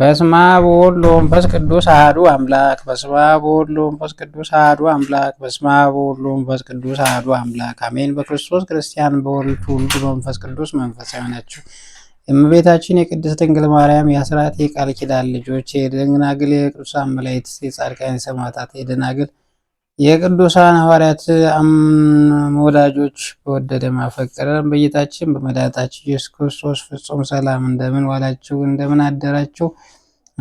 በስመ አብ ወወልድ ወመንፈስ ቅዱስ አሐዱ አምላክ በስመ አብ ወወልድ ወመንፈስ ቅዱስ አሐዱ አምላክ በስመ አብ ወወልድ ወመንፈስ ቅዱስ አሐዱ አምላክ አሜን። በክርስቶስ ክርስቲያን በወልድ ትውልድ መንፈስ ቅዱስ መንፈሳዊ ናቸው። የእመቤታችን የቅድስት ድንግል ማርያም የአስራት የቃል ኪዳን ልጆች የደናግል የቅዱሳን መላእክት የጻድቃን የሰማዕታት የደናግል የቅዱሳን ሐዋርያት ወዳጆች በወደደ ማፈቀረ በጌታችን በመድኃኒታችን ኢየሱስ ክርስቶስ ፍጹም ሰላም እንደምን ዋላችሁ፣ እንደምን አደራችሁ፣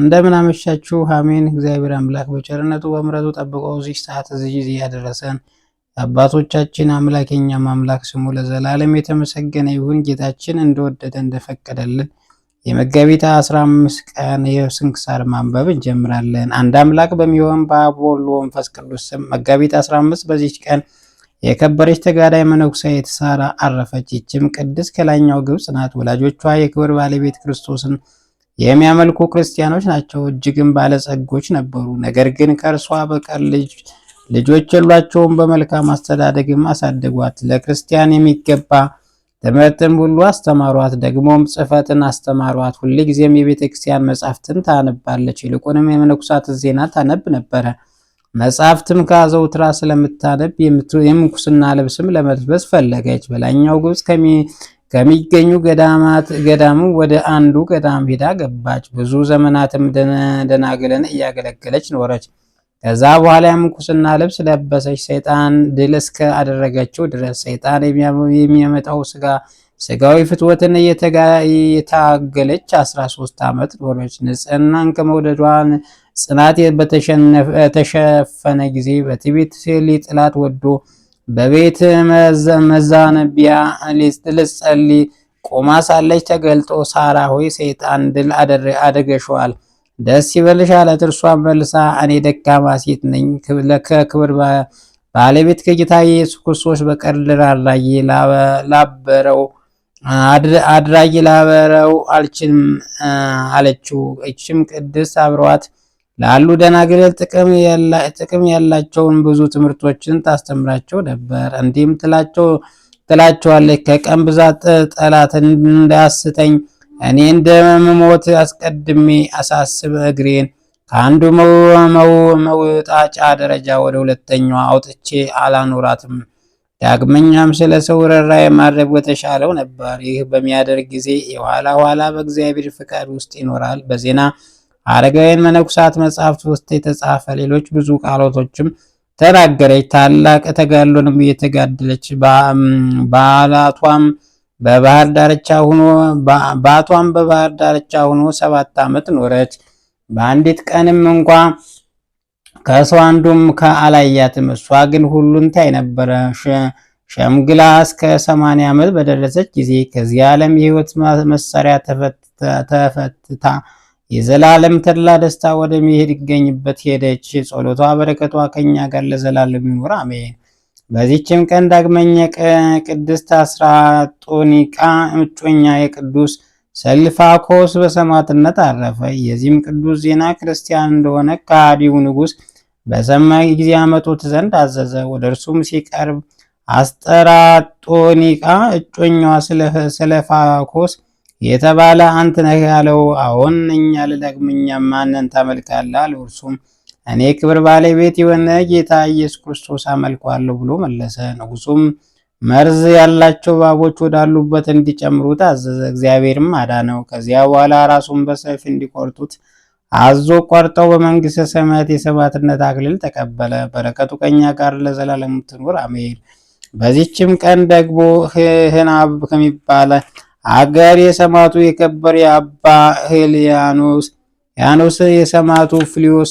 እንደምን አመሻችሁ። አሜን። እግዚአብሔር አምላክ በቸርነቱ በምሕረቱ ጠብቆ እዚህ ሰዓት እዚህ ጊዜ ያደረሰን አባቶቻችን አምላክ የኛም አምላክ ስሙ ለዘላለም የተመሰገነ ይሁን። ጌታችን እንደወደደ እንደፈቀደልን የመጋቢት 15 ቀን የስንክሳር ማንበብ እንጀምራለን። አንድ አምላክ በሚሆን በአብ በወልድ ቅዱስ ስም መጋቢት 15 በዚች ቀን የከበረች ተጋዳይ መነኩሴት ሳራ አረፈች። ይችም ቅድስት ከላይኛው ግብፅ ናት። ወላጆቿ የክብር ባለቤት ክርስቶስን የሚያመልኩ ክርስቲያኖች ናቸው። እጅግም ባለጸጎች ነበሩ። ነገር ግን ከእርሷ በቀር ልጅ ልጆች የሏቸውም። በመልካም አስተዳደግም አሳደጓት። ለክርስቲያን የሚገባ ትምህርትን ሁሉ አስተማሯት። ደግሞም ጽፈትን አስተማሯት። ሁልጊዜም የቤተ ክርስቲያን መጻሕፍትን ታነባለች። ይልቁንም የመነኩሳትን ዜና ታነብ ነበረ። መጻሕፍትም ከአዘውትራ ስለምታነብ የምንኩስና ልብስም ለመልበስ ፈለገች። በላይኛው ግብፅ ከሚገኙ ገዳም ወደ አንዱ ገዳም ሄዳ ገባች። ብዙ ዘመናትም ደናግልን እያገለገለች ኖረች። ከዛ በኋላ የምንኩስና ልብስ ለበሰች። ሰይጣን ድል እስከ አደረገችው ድረስ ሰይጣን የሚያመጣው ስጋ ስጋዊ ፍትወትን የታገለች 13 ዓመት ኖረች። ንጽህናን ከመውደዷን ጽናት በተሸፈነ ጊዜ በትዕቢት ሊጥላት ወዶ በቤት መዛነቢያ ልትጸልይ ቆማ ሳለች ተገልጦ፣ ሳራ ሆይ ሰይጣን ድል አደገሸዋል። ደስ ይበልሽ አለት። እርሷን መልሳ እኔ ደካማ ሴት ነኝ፣ ከክብር ባለቤት ከጌታ ኢየሱስ ክርስቶስ በቀር ላይ ላበረው አድራጊ ላበረው አልችልም አለችው። እችም ቅድስት አብረዋት ላሉ ደናግል ጥቅም ያላቸውን ብዙ ትምህርቶችን ታስተምራቸው ነበር። እንዲህም ትላቸዋለች ከቀን ብዛት ጠላት እንዳያስተኝ እኔ እንደምሞት አስቀድሜ አሳስብ እግሬን ከአንዱ መውጣጫ ደረጃ ወደ ሁለተኛው አውጥቼ አላኖራትም። ዳግመኛም ስለ ሰው ረራ የማድረግ በተሻለው ነበር። ይህ በሚያደርግ ጊዜ የኋላ ኋላ በእግዚአብሔር ፍቃድ ውስጥ ይኖራል። በዜና አረጋውያን መነኩሳት መጽሐፍት ውስጥ የተጻፈ ሌሎች ብዙ ቃሎቶችም ተናገረች። ታላቅ ተጋድሎንም እየተጋደለች በዓላቷም በባህር ዳርቻ ሆኖ ባቷም በባህር ዳርቻ ሆኖ ሰባት ዓመት ኖረች። በአንዲት ቀንም እንኳ ከሰው አንዱም ከአላያትም። እሷ ግን ሁሉን ታይ ነበረ። ሸምግላ እስከ ሰማንያ ዓመት በደረሰች ጊዜ ከዚህ ዓለም የህይወት መሳሪያ ተፈትታ የዘላለም ተድላ ደስታ ወደሚሄድ ይገኝበት ሄደች። ጸሎቷ በረከቷ ከኛ ጋር ለዘላለም ይኖር አሜን። በዚችም ቀን ዳግመኛ ቅድስት አስራጦኒቃ እጮኛ የቅዱስ ሰልፋኮስ በሰማዕትነት አረፈ። የዚህም ቅዱስ ዜና ክርስቲያን እንደሆነ ከሃዲው ንጉሥ በሰማ ጊዜ ያመጡት ዘንድ አዘዘ። ወደ እርሱም ሲቀርብ አስጠራጦኒቃ እጮኛዋ ሰልፋኮስ የተባለ አንተ ነህ ያለው፣ አዎን እኛ ለዳግመኛ ማንን ታመልካለህ? አለው። እርሱም እኔ ክብር ባለቤት የሆነ ጌታ ኢየሱስ ክርስቶስ አመልኳለሁ ብሎ መለሰ። ንጉሱም መርዝ ያላቸው እባቦች ወዳሉበት እንዲጨምሩ ታዘዘ። እግዚአብሔርም አዳነው። ከዚያ በኋላ ራሱን በሰይፍ እንዲቆርጡት አዞ ቆርጠው በመንግሥተ ሰማያት የሰማዕትነት አክሊል ተቀበለ። በረከቱ ቀኛ ጋር ለዘላለም ትኑር አሜን። በዚችም ቀን ደግሞ ህናብ ከሚባለ አገር የሰማዕቱ የከበር የአባ ህልያኖስ ያኖስ የሰማዕቱ ፍሊዮስ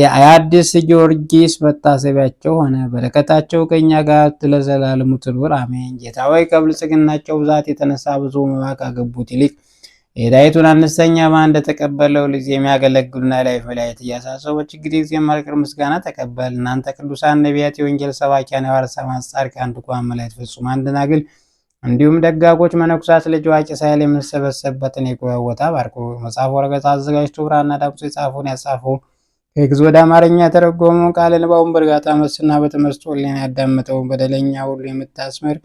የአዲስ ጊዮርጊስ መታሰቢያቸው ሆነ። በረከታቸው ከኛ ጋር ለዘላለሙ ትኑር አሜን። ጌታ ሆይ ከብልጽግናቸው ብዛት የተነሳ ብዙ መባ ካገቡት ይልቅ የዳይቱን አነስተኛ ማ እንደተቀበለው ልጅ የሚያገለግሉና ላይ ፈላየት እያሳሰቡ ችግር ጊዜ ማልቅር ምስጋና ተቀበል። እናንተ ቅዱሳን ነቢያት፣ የወንጌል ሰባኪያን፣ የዋርሳ ማስጻር ከአንድ ኳን መላይት ፍጹም አንድናግል እንዲሁም ደጋጎች መነኩሳት ልጅ ዋቂ ሳይል የምንሰበሰብበትን የቆያ ቦታ ባርኮ መጽሐፍ ወረቀት አዘጋጅቶ ብራና ዳቁሶ የጻፉን ያጻፉ ከግዕዝ ወደ አማርኛ የተረጎመው ቃለ ንባቡን በእርጋታ መስና በተመስጦ ሕሊና ያዳመጠው በደለኛ ሁሉ የምታስምር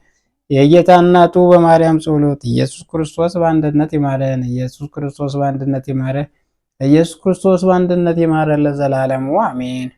የጌታ እናቱ በማርያም ጸሎት ኢየሱስ ክርስቶስ በአንድነት ይማረን፣ ኢየሱስ ክርስቶስ በአንድነት ይማረን፣ ኢየሱስ ክርስቶስ በአንድነት ይማረን ለዘላለሙ አሜን።